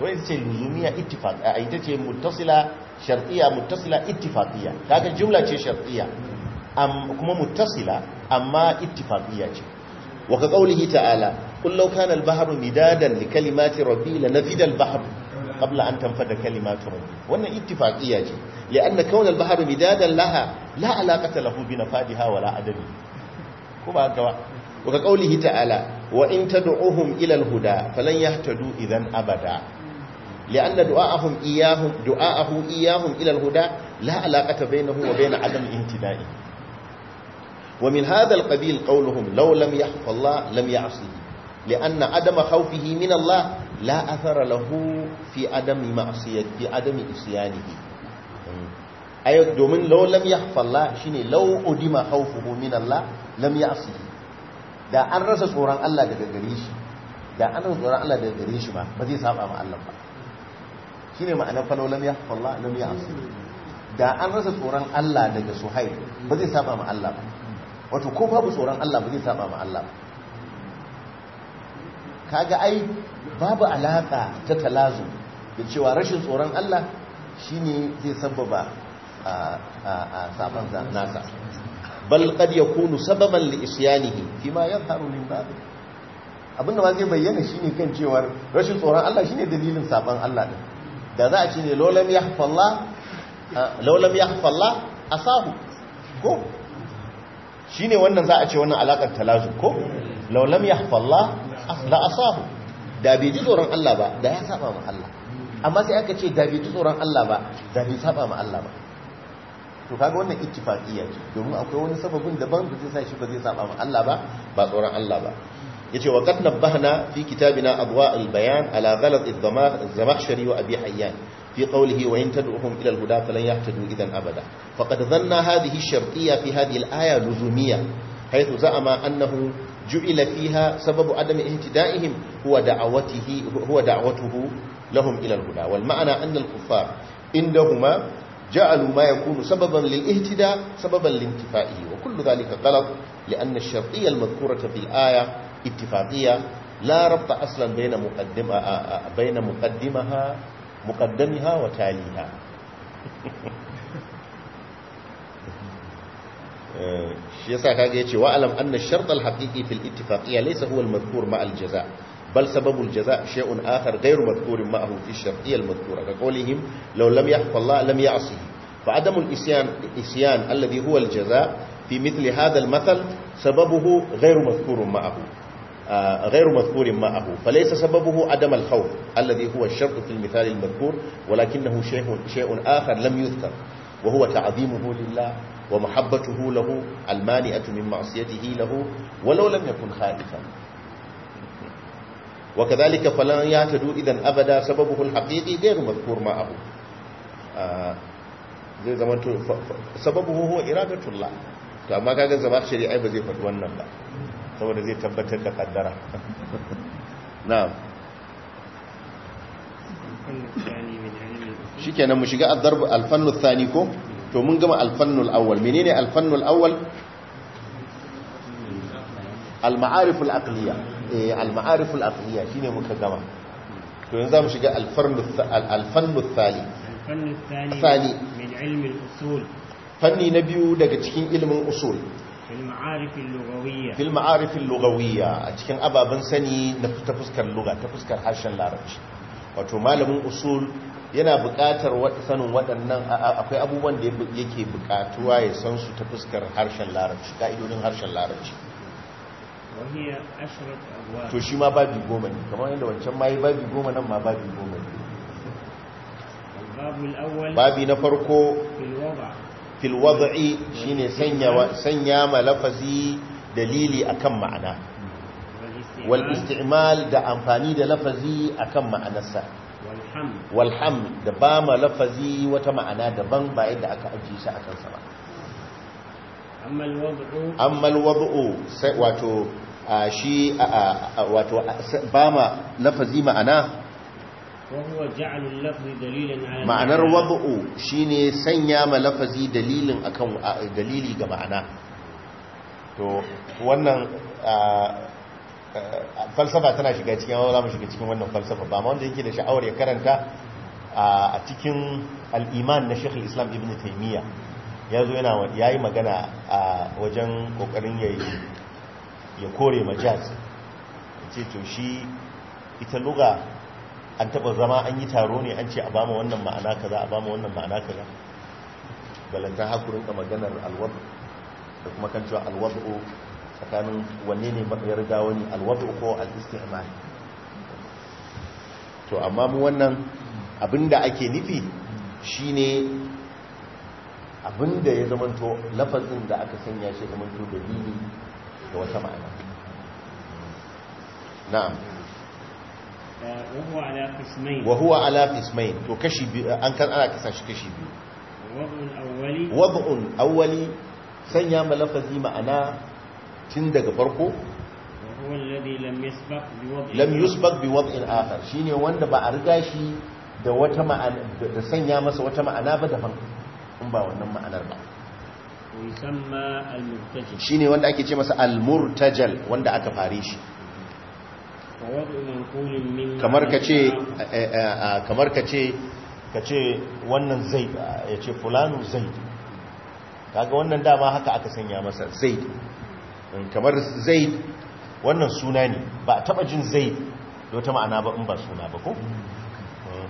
wani ce luzumiya ittifaq a ita muttasila shar'iyya muttasila ittifaqiyya kaga jumla ce shar'iyya kuma muttasila amma ittifaqiyya ce wa ka qawlihi ta'ala qul law kana al-bahru midadan li kalimati rabbi lanafida al-bahru qabla an tanfada kalimatu rabbi wannan ittifaqiya ce li'anna kawn al-bahru midadan laha la alaqata lahu bi nafadiha wala adami ko ba haka ba wa qawlihi ta'ala wa in tad'uhum ila al-huda falan yahtadu idan abada لأن la athara lahu fi adami ma'siyati fi adami isyanihi ayo domin law lam yahfa Allah shine law udima khawfuhu min Allah lam ya'si da an rasa tsoron Allah daga gare shi da an rasa tsoron Allah daga gare shi ba ba zai saba ma Allah ba shine ma'anar fa law lam Allah da an rasa tsoron Allah daga Suhail ba zai saba ma Allah ba wato ko babu tsoron Allah ba zai saba ma Allah ba kaga ai babu alaka ta talazu da cewa rashin tsoron Allah shine zai sababa a saban nasa bal qad yakunu sababan li isyanihi fima yadhharu min bab abinda ba zai bayyana shine kan cewar rashin tsoron Allah shine dalilin saban Allah din da za a ce ne lolam yahfallah lolam yahfallah asahu ko shine wannan za a ce wannan alakar talazu ko laulam ya hafalla la asahu da bai ji tsoron Allah ba da ya saba ma Allah amma sai aka ce da bai ji tsoron Allah ba da bai saba ma Allah ba to kaga wannan ittifaqiyya ce domin akwai wani sababin daban da zai sa shi ba zai saba ma Allah ba ba tsoron Allah ba yace wa qad nabbahna fi kitabina adwa al-bayan ala ghalat az-zamakhshari wa abi hayyan في قوله وإن تدعوهم إلى الهدى فلن يهتدوا إذا أبدا فقد ظن هذه الشرطية في هذه الآية لزومية حيث زعم أنه ju'ila fiha sababu adam ihtida'ihim huwa da'awatihi huwa da'watuhu lahum ila al-huda wal ma'ana anna al-kuffar indahuma ja'alu ma yakunu sababan lil-ihtida sababan lintifa'ihi wa kullu dhalika ghalat li'anna ash-shartiyya al-madhkurata fil aya ittifaqiyya la rabta aslan bayna muqaddima bayna muqaddimaha muqaddamiha wa taliha shi yasa kaga yace wa alam anna ash-shart al-haqiqi fil ittifaqiyya laysa بل سبب الجزاء شيء آخر غير مذكور معه في الشرطية المذكورة كقولهم لو لم يحف الله لم يعصه فعدم الإسيان, الإسيان الذي هو الجزاء في مثل هذا المثل سببه غير مذكور معه آه، غير مذكور معه فليس سببه عدم الخوف الذي هو الشرط في المثال المذكور ولكنه شيء, شيء آخر لم يذكر وهو تعظيمه لله ومحبته له المانئة من معصيته له ولو لم يكن خائفا وكذلك فلن يعتدوا إذا أبدا سببه الحقيقي غير مذكور معه zai zamanto sababu huwa iradatullah to amma kaga zama shari'a ba zai faɗi wannan ba saboda zai tabbatar da kaddara na'am shikenan mu shiga ad-darb ko to mun gama alfannul awwal menene alfannul awwal al-ma'ariful aqliya eh al-ma'ariful aqliya shine muka gama to yanzu zamu shiga al-farnu al-fannu thali thali min ilmi usul fanni na biyu daga cikin ilimin usul fil ma'arif al-lughawiyya a cikin ababen sani ta fuskar lugha ta fuskar harshen larabci wato malamin usul yana buƙatar sanin waɗannan akwai abubuwan da yake buƙatuwa ya san su ta fuskar harshen larabci ƙa'idodin harshen larabci to shi ma babi goma ne kamar yadda wancan ma yi babi goma nan ma babi goma ne babi na farko filwaba'i shi ne sanya ma lafazi dalili akan ma'ana wal isti'mal da amfani da lafazi akan ma'anarsa walham da ba ma lafazi wata ma'ana daban ba yadda aka ajiye shi a kansa ba ammal wad'u sai wato shi wato ba ma lafazi ma'ana ma'anar shi ne sanya ma lafazi dalilin akan dalili ga ma'ana to wannan Eh, falsafa tana shiga cikin hawa za mu shiga cikin wannan falsafa ba ma wanda yake da sha'awar ya karanta a cikin al'iman na shekul islam ibn taimiyya ya zo yana ya yi magana a wajen kokarin ya kore majaz ce to shi ita luga an taba zama an yi taro ne an ce a bama wannan ma'ana kaza a bama wannan ma'ana kaza balantan hakurin ka maganar alwabu da kuma kan cewa alwabu. tsakanin wanne ne ya riga wani alwadu ko al-istihmal to amma mu wannan abinda ake nufi shine abinda ya zamanto lafazin da aka sanya shi zamanto dalili da wata ma'ana na'am uh, wahuwa ala qismain to kashi biyu an kan ana kasa shi kashi biyu wad'un awwali awwali sanya ma lafazi ma'ana tun daga farko lam yusbak bi wad'in akhar shine wanda ba a riga shi da wata ma'ana da sanya masa wata ma'ana ba daban in ba wannan ma'anar ba shine wanda ake ce masa al-murtajal wanda aka fare shi kamar ka ce eh, eh, eh, ah, kamar ka ce ka ce wannan zai ya ce fulanu zai kaga wannan dama haka aka sanya masa zai Eh, kamar zaid wannan suna ne ba a taba jin zaid da wata ma'ana ba in ba suna ba ko eh.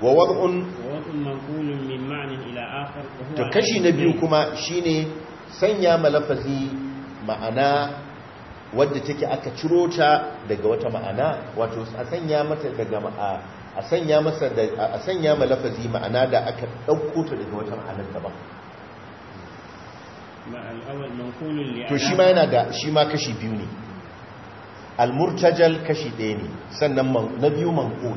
wa wad'un manqulun min ma'anin ila akhar to kashi na biyu kuma shine sanya malafazi ma'ana wadda take aka ciro ta daga wata ma'ana wato a sanya mata daga ma'a a sanya masa a sanya malafazi ma'ana da aka dauko ta daga wata ma'anar daban to shi ma yana da shi ma kashi biyu ne al-murtajal kashi ɗaya ne sannan na biyu manqul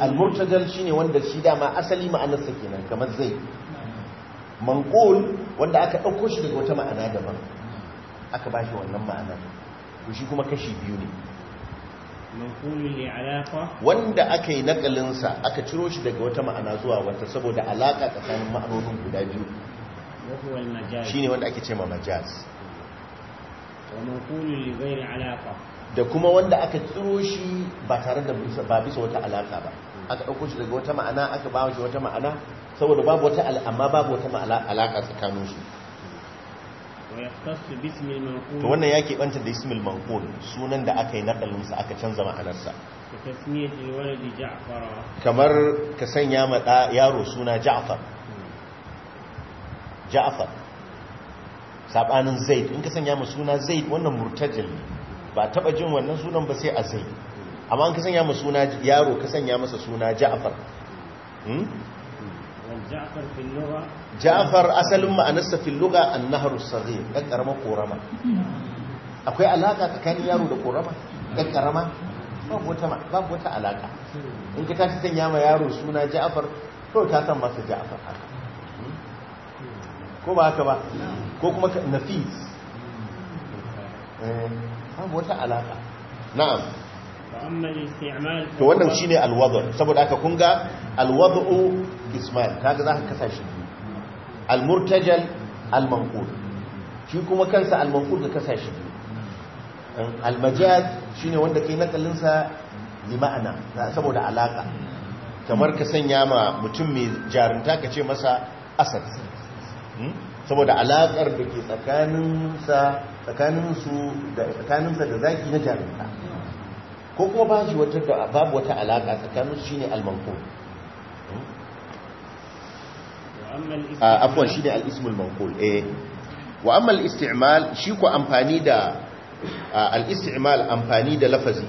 al-murtajal ne wanda shi dama asali ma'anarsa kenan kamar zai manqul wanda aka ɗauko shi daga wata ma'ana daban aka ba shi wannan ma'ana to shi kuma kashi biyu ne wanda aka yi nakalinsa aka ciro shi daga wata ma'ana zuwa wata saboda alaka tsakanin ma'anonin guda biyu shine wanda ake cewa majaz da kuma wanda aka tsiro shi ba tare da ba bisa wata alaka ba aka ɗauko shi daga wata ma'ana aka bawa shi wata ma'ana saboda babu wata amma babu wata alaka tsakanin su to wannan ya keɓanta da ismil mankul sunan da aka yi naɗalinsa aka canza ma'anarsa kamar ka sanya ma yaro suna ja'far ja'afar sabanin zaid in ka sanya mu suna zaid wannan murtajil ba taba jin wannan sunan ba sai a zaid amma in ka sanya mu suna yaro ka sanya masa suna ja'afar hmm? ja'afar asalin ma'anarsa fil lugha an-nahru as-saghir ƙarama karama akwai alaka tsakanin yaro da korama dan karama babu wata babu wata alaka in ka tashi sanya ma yaro suna ja'afar to ka san masa ja'afar haka ko ba haka ba ko kuma nafis eh, An wata alaka na'am to wannan shine alwadu saboda haka kun ga alwadu ismail kaga zaka kasashi almurtajal almanqul shi kuma kansa almanqul ka kasashi shi eh, shine wanda kai nakalin sa li ma'ana saboda alaka kamar ka sanya ma mutum mai jarunta ka ce masa asad Hmm? saboda alaƙar da ke tsakaninsa da zaki na jarumta ko kuma ba shi wata da babu wata alaƙa tsakaninsu shi ne almanko hmm? ah, afuwan shi ne al'ismul mankul eh wa ammal isti'mal shi ku amfani da ah, al'isti'mal amfani da lafazi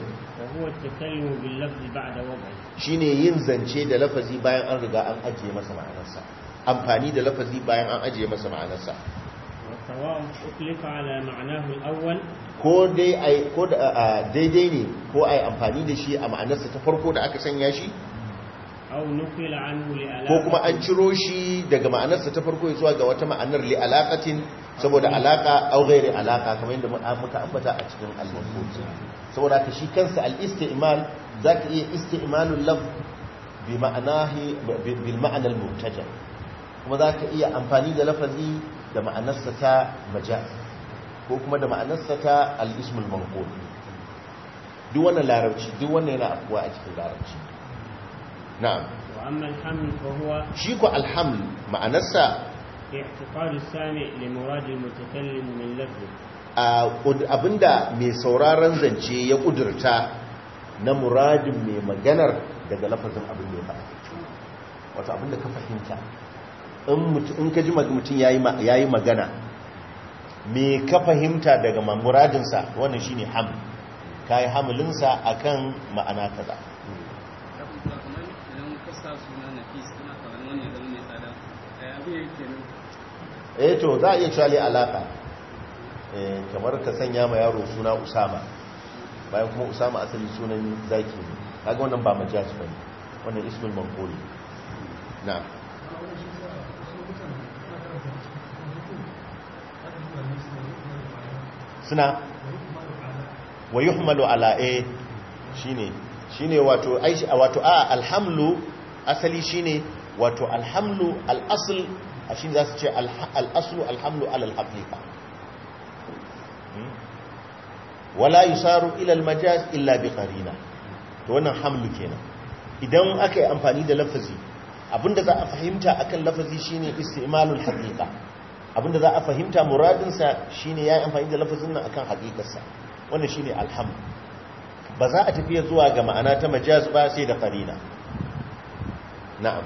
shi ne yin zance da lafazi bayan an riga an ajiye masa ma'anarsa amfani da lafazi bayan an ajiye masa ma'anarsa ko dai daidai ne ko a amfani da shi a ma'anarsa ta farko da aka sanya shi ko kuma an ciro shi daga ma'anarsa ta farko zuwa ga wata ma'anar li alaƙatin saboda alaƙa au gairi alaƙa kamar yadda muka ambata a cikin alwakoki saboda ka shi kansa al-istimal za ka iya istimalun laf bi ma'anar mubtaja kuma za ka iya amfani da lafazi da ma'anarsa ta majaz ko kuma da ma'anarsa ta al'ismul manqul duk wannan larabci duk wannan yana afuwa a cikin larabci na'am wa amma huwa shi ko alhamd ma'anarsa i'tiqadu sami li muradi mutakallim min lafzi abinda mai sauraron zance ya kudurta na muradin mai maganar daga lafazin abin da ya faɗa wato abinda ka fahimta in ka ji mutum ya yi magana me ka fahimta daga muradinsa wannan ne ham ka yi hamilinsa a kan ma'ana kaza eh to za a iya cewa alaka eh, kamar ka sanya ma yaro suna usama bayan kuma usama asali sunan zaki ne ga wannan ba majaji bane wannan ismul manquli na'am suna wa yuhmalu ala eh shi ne wato aishi wato a alhamlu asali shi ne wato alhamlu a shi za su ce al'asul alhamlu ala hmm? wala yi saru ilal majaz illa bi karina to wannan hamlu kenan idan aka yi amfani da lafazi abinda za a fahimta akan lafazi shi ne istimalul haƙiƙa abinda za a fahimta muradinsa shine ya amfani da lafazin nan akan hakikarsa wannan shine alham ba za a tafiya zuwa ga ma'ana ta majaz ba sai da qarina na'am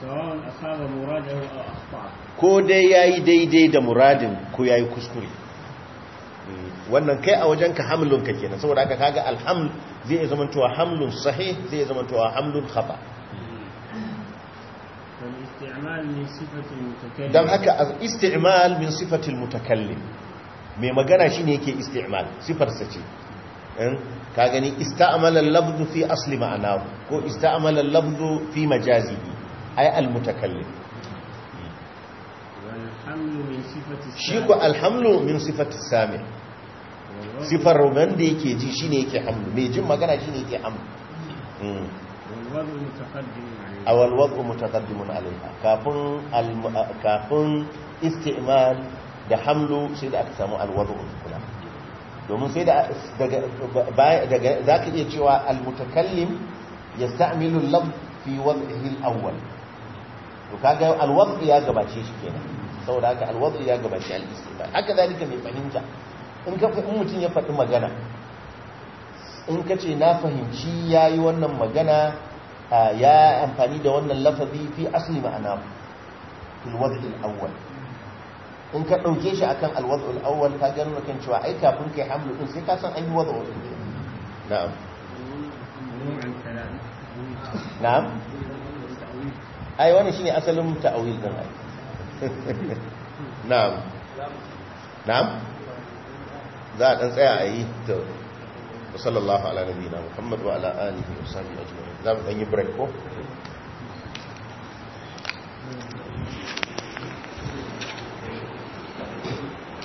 sawan asaba muradahu aw ko dai yayi daidai da muradin ko yayi kuskure wannan kai a wajen ka hamlun ka kenan saboda haka kaga alhaml zai zama to hamlun sahih zai zama to hamlun khata' don haka isti'mal min sifatil mutakallim mai magana shi shine yake isti'mal sifarsa ce ka gani ista'amala labdu fi asli ma'anahu ko ista'amala labdu fi majazihi ay al mutakallim shi ko alhamlu min sifati sami sifar da yake ji shine yake hamlu mai jin magana shine yake hamlu awal wadu mutaqaddimun alaiha kafin kafin isti'mal da hamlu sai da aka samu wadu kula domin sai da daga daga zaka iya cewa mutakallim yasta'milu lam fi wad'ihi al-awwal to kaga wadu ya gabace shi kenan saboda haka wadu ya gabace al-isti'mal haka zalika mai fahimta in ka in mutun ya faɗi magana in ka ce na fahimci yayi wannan magana ya amfani da wannan lafazi fi asali ma'ana fil wad'il in ka ɗauke shi akan al wad'ul awwal ka ga kan cewa ai kafin kai hamlu ɗin, sai ka san an yi wad'u na'am na'am ai shi ne asalin ta'awil ɗin ai na'am na'am za a ɗan tsaya a yi to sallallahu ala nabiyina muhammad wa ala alihi wa sahbihi ajma'in Нам, а не брать кофе.